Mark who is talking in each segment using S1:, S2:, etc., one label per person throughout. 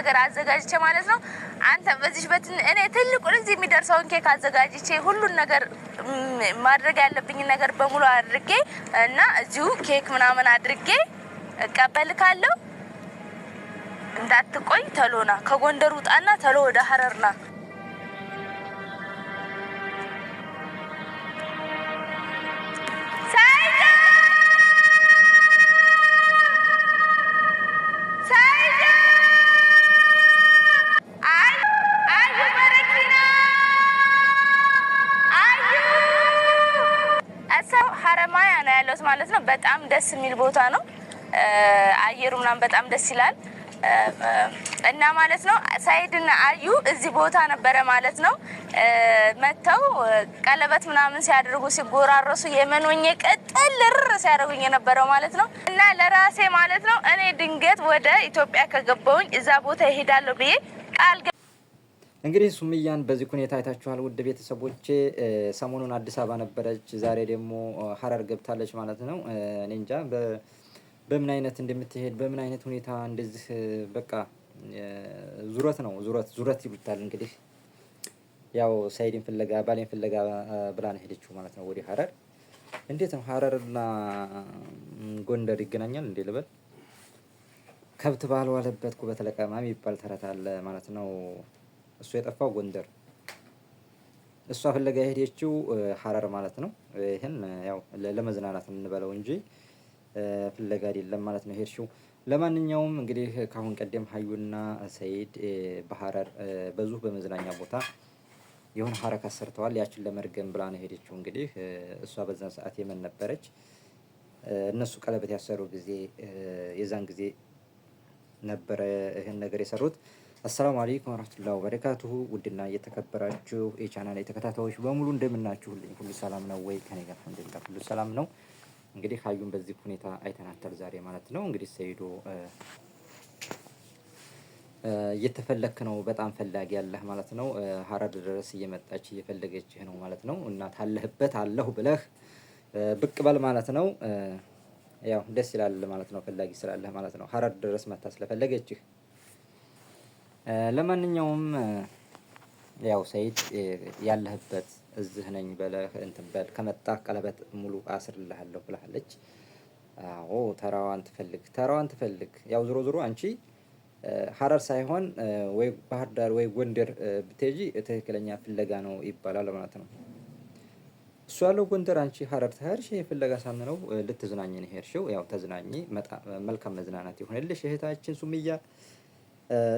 S1: ነገር አዘጋጅቼ ማለት ነው። አንተ በዚህ በትን እኔ ትልቁን እዚህ የሚደርሰውን ኬክ አዘጋጅቼ ሁሉን ነገር ማድረግ ያለብኝን ነገር በሙሉ አድርጌ እና እዚሁ ኬክ ምናምን አድርጌ እቀበልካለሁ። እንዳትቆይ ተሎና ከጎንደር ውጣና ተሎ ወደ ሀረርና በጣም ደስ የሚል ቦታ ነው። አየሩ ምናምን በጣም ደስ ይላል እና ማለት ነው ሳይድና አዩ እዚህ ቦታ ነበረ ማለት ነው መጥተው ቀለበት ምናምን ሲያደርጉ ሲጎራረሱ የመኖኘ ቅጥል ርር ሲያደርጉኝ የነበረው ማለት ነው እና ለራሴ ማለት ነው እኔ ድንገት ወደ ኢትዮጵያ ከገባውኝ እዛ ቦታ ይሄዳለሁ ብዬ ቃል
S2: እንግዲህ ሱምያን በዚህ ሁኔታ አይታችኋል። ውድ ቤተሰቦቼ ሰሞኑን አዲስ አበባ ነበረች፣ ዛሬ ደግሞ ሀረር ገብታለች ማለት ነው። እኔ እንጃ በምን አይነት እንደምትሄድ በምን አይነት ሁኔታ እንደዚህ በቃ ዙረት ነው ዙረት ዙረት ይሉታል እንግዲህ ያው ሳይድን ፍለጋ ባሌን ፍለጋ ብላ ነው ሄደችው ማለት ነው ወዲህ ሀረር። እንዴት ነው ሀረርና ጎንደር ይገናኛል እንዴ ልበል? ከብት ባልዋለበት ኩበት ለቀማ የሚባል ተረት አለ ማለት ነው። እሱ የጠፋው ጎንደር፣ እሷ ፍለጋ የሄደችው ሀረር ማለት ነው። ይህን ያው ለመዝናናት እንበለው እንጂ ፍለጋ አይደለም ማለት ነው የሄድሽው። ለማንኛውም እንግዲህ ከአሁን ቀደም ሀዩና ሰይድ በሀረር በዙ በመዝናኛ ቦታ የሆነ ሀረካት ሰርተዋል። ያችን ለመርገም ብላ ነው ሄደችው። እንግዲህ እሷ በዛን ሰዓት የመን ነበረች። እነሱ ቀለበት ያሰሩ ጊዜ የዛን ጊዜ ነበረ ይህን ነገር የሰሩት። አሰላሙ አለይኩም ወራህመቱላሂ ወበረካቱሁ ውድና የተከበራችሁ የቻናል ተከታታዮች በሙሉ እንደምናችሁልኝ ሁሉ ሰላም ነው ወይ? ከኔ ጋር አልሐምዱሊላህ ሁሉ ሰላም ነው። እንግዲህ ሀዩን በዚህ ሁኔታ አይተናታል ዛሬ ማለት ነው። እንግዲህ ሰይዶ እየተፈለክ ነው፣ በጣም ፈላጊ ያለህ ማለት ነው። ሀረር ድረስ እየመጣች እየፈለገችህ ነው ማለት ነው። እና ታለህበት አለሁ ብለህ ብቅ በል ማለት ነው። ያው ደስ ይላል ማለት ነው። ፈላጊ ስላለህ ማለት ነው። ሀረር ድረስ መታ ስለፈለገችህ ለማንኛውም ያው ሰይድ ያለህበት እዝህ ነኝ በለህ እንትን በል ከመጣ ቀለበት ሙሉ አስርልሃለሁ ብላለች። አዎ ተራዋን ትፈልግ ተራዋን ትፈልግ። ያው ዞሮ ዞሮ አንቺ ሀረር ሳይሆን ወይ ባህር ዳር ወይ ጎንደር ብትሄጂ ትክክለኛ ፍለጋ ነው ይባላል ማለት ነው። እሱ ያለው ጎንደር፣ አንቺ ሀረር ተሄድሽ። ይሄ ፍለጋ ሳንለው ልትዝናኝ ነው የሄድሽው። ያው ተዝናኝ፣ መልካም መዝናናት ይሆንልሽ እህታችን ሱምያ።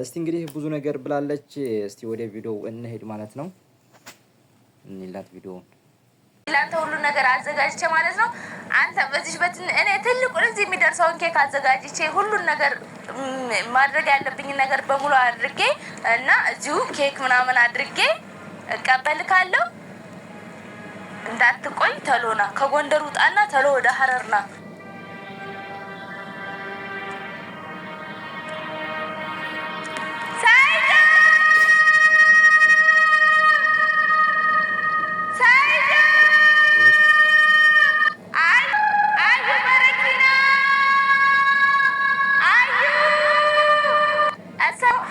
S2: እስቲ እንግዲህ ብዙ ነገር ብላለች። እስቲ ወደ ቪዲዮ እንሄድ ማለት ነው። እንላት ቪዲዮውን
S1: ለአንተ ሁሉ ነገር አዘጋጅቼ ማለት ነው። አንተ በዚህ በት እኔ ትልቁን እዚህ የሚደርሰውን ኬክ አዘጋጅቼ ሁሉን ነገር ማድረግ ያለብኝን ነገር በሙሉ አድርጌ እና እዚሁ ኬክ ምናምን አድርጌ እቀበልካለሁ። እንዳትቆይ ተሎና ከጎንደር ውጣና ተሎ ወደ ሀረርና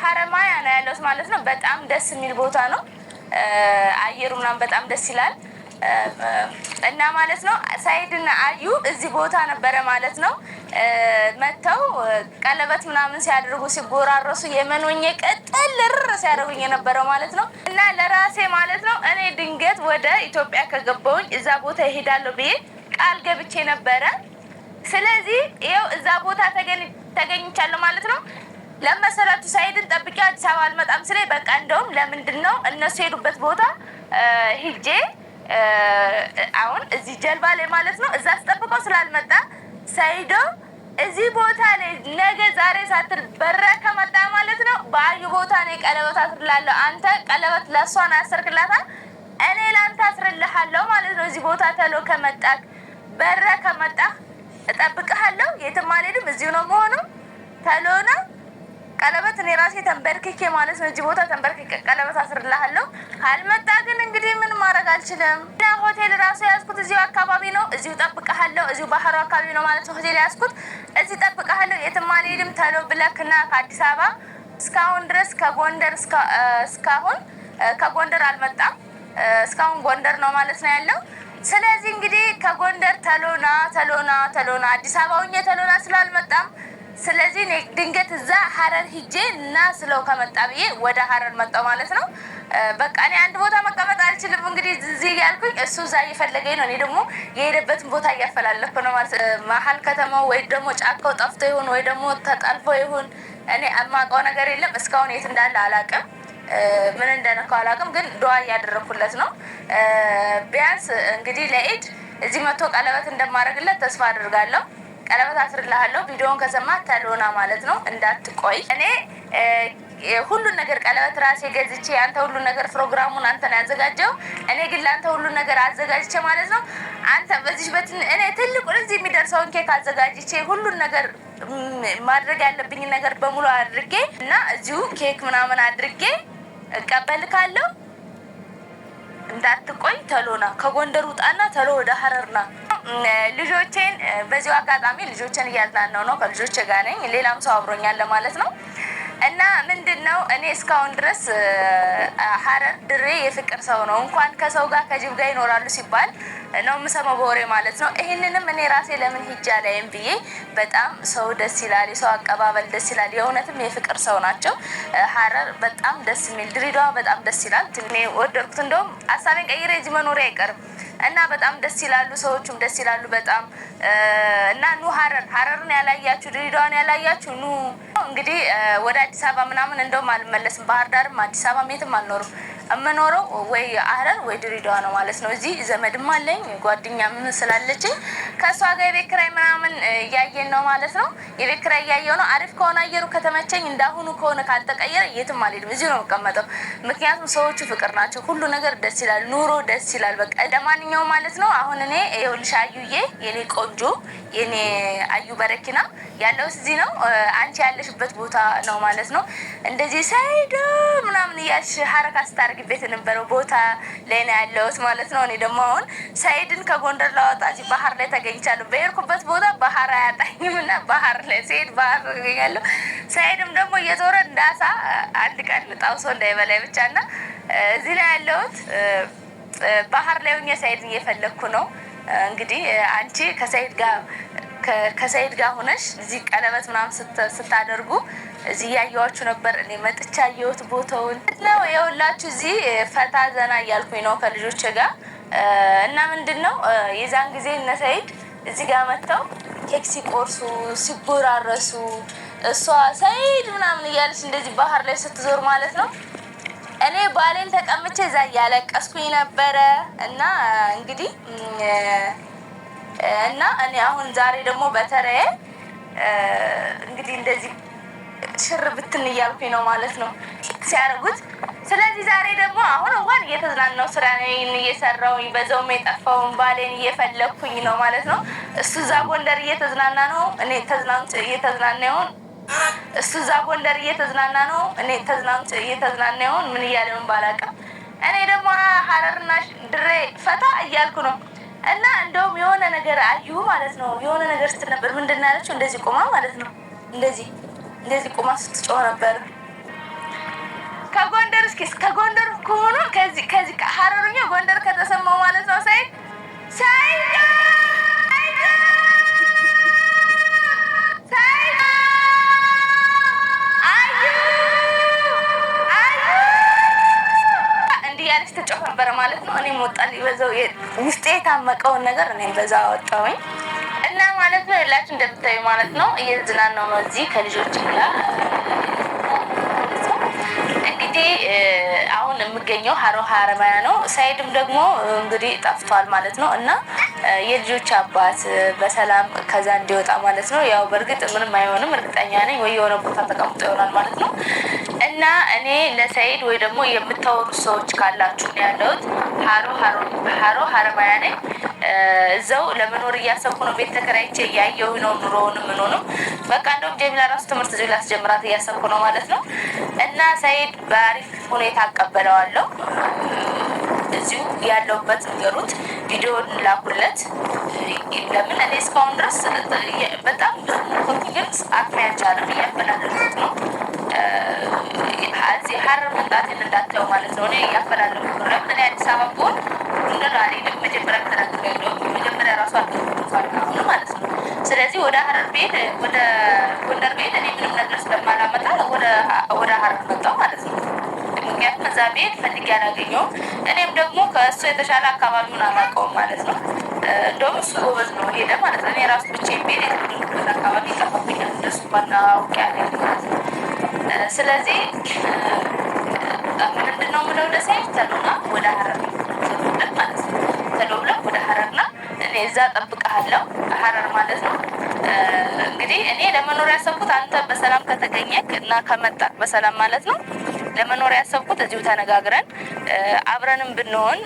S1: ሀረማያ ነው ያለሁት ማለት ነው። በጣም ደስ የሚል ቦታ ነው። አየሩ ምናምን በጣም ደስ ይላል እና ማለት ነው ሳይድና አዩ እዚህ ቦታ ነበረ ማለት ነው መጥተው ቀለበት ምናምን ሲያደርጉ ሲጎራረሱ የመኖኘ ቀጠል ርር ሲያደርጉኝ የነበረው ማለት ነው። እና ለራሴ ማለት ነው እኔ ድንገት ወደ ኢትዮጵያ ከገባውኝ እዛ ቦታ ይሄዳለሁ ብዬ ቃል ገብቼ ነበረ። ስለዚህ ይኸው እዛ ቦታ ተገኝቻለሁ ማለት ነው። ለመሰረቱ ሳይድን ጠብቄ አዲስ አበባ አልመጣም ስለ በቃ እንደውም ለምንድን ነው እነሱ የሄዱበት ቦታ ሂጄ አሁን እዚህ ጀልባ ላይ ማለት ነው እዛ አስጠብቀው ስላልመጣ ሰይዶ እዚህ ቦታ ላይ ነገ ዛሬ ሳትል በረ ከመጣ ማለት ነው በአዩ ቦታ ላይ ቀለበት አስርላለሁ። አንተ ቀለበት ለእሷን አስርክላታል፣ እኔ ለአንተ አስርልሃለሁ ማለት ነው። እዚህ ቦታ ተሎ ከመጣ በረ ከመጣ እጠብቅሃለሁ። የትም አልሄድም፣ እዚሁ ነው መሆኑ ተሎ ነው። እኔ ራሴ ተንበርክኬ ማለት ነው እጅ ቦታ ተንበርክኬ ቀለበት አስርልሃለሁ። ካልመጣ ግን እንግዲህ ምን ማድረግ አልችልም። ሆቴል ራሱ ያዝኩት እዚሁ አካባቢ ነው። እዚሁ ጠብቀሃለሁ። እዚሁ ባህሩ አካባቢ ነው ማለት ነው ሆቴል ያዝኩት እዚህ ጠብቀሃለሁ። የትም አልሄድም። ተሎ ብለክና ከአዲስ አበባ እስካሁን ድረስ ከጎንደር እስካሁን ከጎንደር አልመጣም። እስካሁን ጎንደር ነው ማለት ነው ያለው። ስለዚህ እንግዲህ ከጎንደር ተሎና ተሎና ተሎና አዲስ አበባ ሁኜ ተሎና ስላልመጣም ስለዚህ ድንገት እዛ ሀረር ሂጄ እና ስለው ከመጣ ብዬ ወደ ሀረር መጣው ማለት ነው። በቃ እኔ አንድ ቦታ መቀመጥ አልችልም። እንግዲህ እዚህ ያልኩኝ እሱ እዛ እየፈለገኝ ነው፣ እኔ ደግሞ የሄደበትን ቦታ እያፈላለኩ ነው ማለት መሀል ከተማው ወይ ደግሞ ጫካው ጠፍቶ ይሁን ወይ ደግሞ ተጠልፎ ይሁን እኔ የማውቀው ነገር የለም። እስካሁን የት እንዳለ አላውቅም። ምን እንደነካው አላውቅም፣ ግን ድዋ እያደረኩለት ነው። ቢያንስ እንግዲህ ለኢድ እዚህ መቶ ቀለበት እንደማደርግለት ተስፋ አድርጋለሁ። ቀለበት አስርልሃለሁ። ቪዲዮን ከሰማ ተሎና ማለት ነው እንዳትቆይ። እኔ ሁሉን ነገር ቀለበት ራሴ ገዝቼ አንተ ሁሉን ነገር ፕሮግራሙን አንተ ነው ያዘጋጀው። እኔ ግን ለአንተ ሁሉን ነገር አዘጋጅቼ ማለት ነው አንተ በዚህ በት እኔ ትልቁ እዚህ የሚደርሰውን ኬክ አዘጋጅቼ ሁሉን ነገር ማድረግ ያለብኝ ነገር በሙሉ አድርጌ እና እዚሁ ኬክ ምናምን አድርጌ እቀበልካለሁ። እንዳትቆይ ተሎና ከጎንደር ውጣና ተሎ ወደ ሀረርና ልጆቼን በዚሁ አጋጣሚ ልጆችን እያዝናናው ነው። ከልጆች ጋር ነኝ። ሌላም ሰው አብሮኛል ለማለት ነው። እና ምንድን ነው እኔ እስካሁን ድረስ ሀረር ድሬ የፍቅር ሰው ነው። እንኳን ከሰው ጋር ከጅብ ጋር ይኖራሉ ሲባል ነው የምሰማው በወሬ ማለት ነው። ይህንንም እኔ ራሴ ለምን ሂጃ ላይም ብዬ በጣም ሰው ደስ ይላል፣ የሰው አቀባበል ደስ ይላል። የእውነትም የፍቅር ሰው ናቸው። ሀረር በጣም ደስ የሚል ድሬዳዋ በጣም ደስ ይላል። ወደድኩት። እንደውም ሀሳቤን ቀይሬ እዚህ መኖሪያ አይቀርም እና በጣም ደስ ይላሉ። ሰዎቹም ደስ ይላሉ በጣም እና ኑ ሀረር ሀረርን ያላያችሁ ድሬዳዋን ያላያችሁ ኑ። እንግዲህ ወደ አዲስ አበባ ምናምን እንደውም አልመለስም። ባህር ዳርም አዲስ አበባ የትም አልኖርም። የምኖረው ወይ ሐረር ወይ ድሬዳዋ ነው ማለት ነው። እዚህ ዘመድም አለኝ ጓደኛም ስላለችኝ ከእሷ ጋር የቤት ኪራይ ምናምን እያየን ነው ማለት ነው። የቤት ኪራይ እያየው ነው። አሪፍ ከሆነ አየሩ ከተመቸኝ እንዳሁኑ ከሆነ ካልተቀየረ የትም አልሄድም፣ እዚሁ ነው የምቀመጠው። ምክንያቱም ሰዎቹ ፍቅር ናቸው። ሁሉ ነገር ደስ ይላል፣ ኑሮ ደስ ይላል። በቃ ለማንኛውም ማለት ነው አሁን እኔ ይኸውልሽ አዩዬ፣ የኔ ቆንጆ፣ የኔ አዩ በረኪና ያለው እዚህ ነው። አንቺ ያለሽበት ቦታ ነው ማለት ነው። እንደዚህ ሳይዶ ምናምን እያልሽ ሀረካ ስታርግ ሰርግ ቤት የነበረው ቦታ ላይ ነው ያለሁት ማለት ነው። እኔ ደግሞ አሁን ሰይድን ከጎንደር ላወጣ እዚህ ባህር ላይ ተገኝቻለሁ። በሄድኩበት ቦታ ባህር አያጣኝም እና ባህር ላይ ሲሄድ ባህር ይገኛለሁ። ሰኢድም ደግሞ እየዞረ እንዳሳ አንድ ቀን ጣውሶ እንዳይበላይ ብቻ እና እዚህ ላይ ያለሁት ባህር ላይ ሆኜ ሰኢድን እየፈለግኩ ነው። እንግዲህ አንቺ ከሰኢድ ጋር ከሰይድ ጋር ሆነሽ እዚህ ቀለበት ምናምን ስታደርጉ እዚህ እያየኋችሁ ነበር። እኔ መጥቻ አየሁት ቦታውን ነው የሁላችሁ። እዚህ ፈታ ዘና እያልኩኝ ነው ከልጆች ጋር እና ምንድን ነው የዛን ጊዜ እነ ሰይድ እዚህ ጋር መጥተው ኬክ ሲቆርሱ ሲጎራረሱ፣ እሷ ሰይድ ምናምን እያለች እንደዚህ ባህር ላይ ስትዞር ማለት ነው። እኔ ባሌን ተቀምቼ እዛ እያለቀስኩኝ ነበረ እና እንግዲህ እና እኔ አሁን ዛሬ ደግሞ በተለየ እንግዲህ እንደዚህ ሽር ብትን እያልኩኝ ነው ማለት ነው ሲያደርጉት። ስለዚህ ዛሬ ደግሞ አሁን እንኳን እየተዝናናው ስራዬን እየሰራውኝ በዛውም የጠፋውን ባሌን እየፈለግኩኝ ነው ማለት ነው። እሱ እዛ ጎንደር እየተዝናና ነው፣ እኔ ተዝናንት እየተዝናና ይሆን እሱ እዛ ጎንደር እየተዝናና ነው፣ እኔ ተዝናንት እየተዝናና ይሆን ምን እያለውን ባላውቅም፣ እኔ ደግሞ ሀረርና ድሬ ፈታ እያልኩ ነው እና እንደውም የሆነ ነገር አዩ ማለት ነው። የሆነ ነገር ስትል ነበር ምንድን ነው ያለችው? እንደዚህ ቆማ ማለት ነው እንደዚህ እንደዚህ ቁማ ስትጮህ ነበር። ከጎንደር እስኪ ከጎንደር ከሆኑ ከዚህ ከዚህ ሀረሩኛ ጎንደር ከተሰማው ማለት ነው ሳይ ሳይ ማለት ነው። እኔም ወጣ በዛው ውስጤ የታመቀውን ነገር እኔም በዛ ወጣሁኝ። እና ማለት ነው የላችሁ እንደምታዩ ማለት ነው እየዝናን ነው እዚህ ከልጆች ጋር እንግዲህ አሁን የምገኘው ሀሮ ሀረማያ ነው። ሳይድም ደግሞ እንግዲህ ጠፍቷል ማለት ነው እና የልጆች አባት በሰላም ከዛ እንዲወጣ ማለት ነው። ያው በእርግጥ ምንም አይሆንም እርግጠኛ ነኝ፣ ወይ የሆነ ቦታ ተቀምጦ ይሆናል ማለት ነው እና እኔ ለሰይድ ወይ ደግሞ የምታወሩ ሰዎች ካላችሁ ያለሁት ሀሮ ሀረማያ ነኝ። እዛው ለመኖር እያሰብኩ ነው። ቤት ተከራይቼ እያየሁ ነው ኑሮውንም ምኑንም። በቃ እንደውም ጀሚላ ራሱ ትምህርት እዚሁ ላስጀምራት እያሰብኩ ነው ማለት ነው። እና ሰይድ በአሪፍ ሁኔታ አቀበለዋለሁ። እዚሁ ያለውበት ንገሩት፣ ቪዲዮን ላኩለት። ለምን እኔ እስካሁን ድረስ በጣም ብዙ ግልጽ ኮንፊደንስ አትያቻለም እያፈላለኩት ነው። እዚህ ሀረር መምጣቴን እንዳታየው ማለት ነው። እኔ እያፈላለኩ ለምን እኔ አዲስ አበባ ብሆን ነገር አልሄድም። መጀመሪያ ተናግሬ ያለው መጀመሪያ ራሱ አሁኑ ማለት ነው። ስለዚህ ወደ ሀረር ቤት ወደ ጎንደር ቤት እኔ ምንም ነገር ስለማላመጣ ወደ ሀረር መጣው ማለት ነው። ምክንያቱም እዛ ቤት ፈልጌ አላገኘውም። እኔም ደግሞ ከእሱ የተሻለ አካባቢውን አላውቀውም ማለት ነው። እንደውም እሱ ጎበዝ ነው ሄደ ማለት ነው። እኔ ራሱ ብቻዬን ቤት የተደበት አካባቢ ይጠፋብኛል። እንደሱ ባና ያለ ማለት ነው። ስለዚህ ምንድነው ምለው ደሴ ተሉና ወደ ሀረር ማለት ተከተለው ብለው ወደ ሀረርና እኔ እዛ ጠብቀሃለሁ። ሀረር ማለት ነው እንግዲህ እኔ ለመኖር ያሰብኩት አንተ በሰላም ከተገኘክ እና ከመጣክ በሰላም ማለት ነው ለመኖር ያሰብኩት እዚሁ ተነጋግረን አብረንም ብንሆን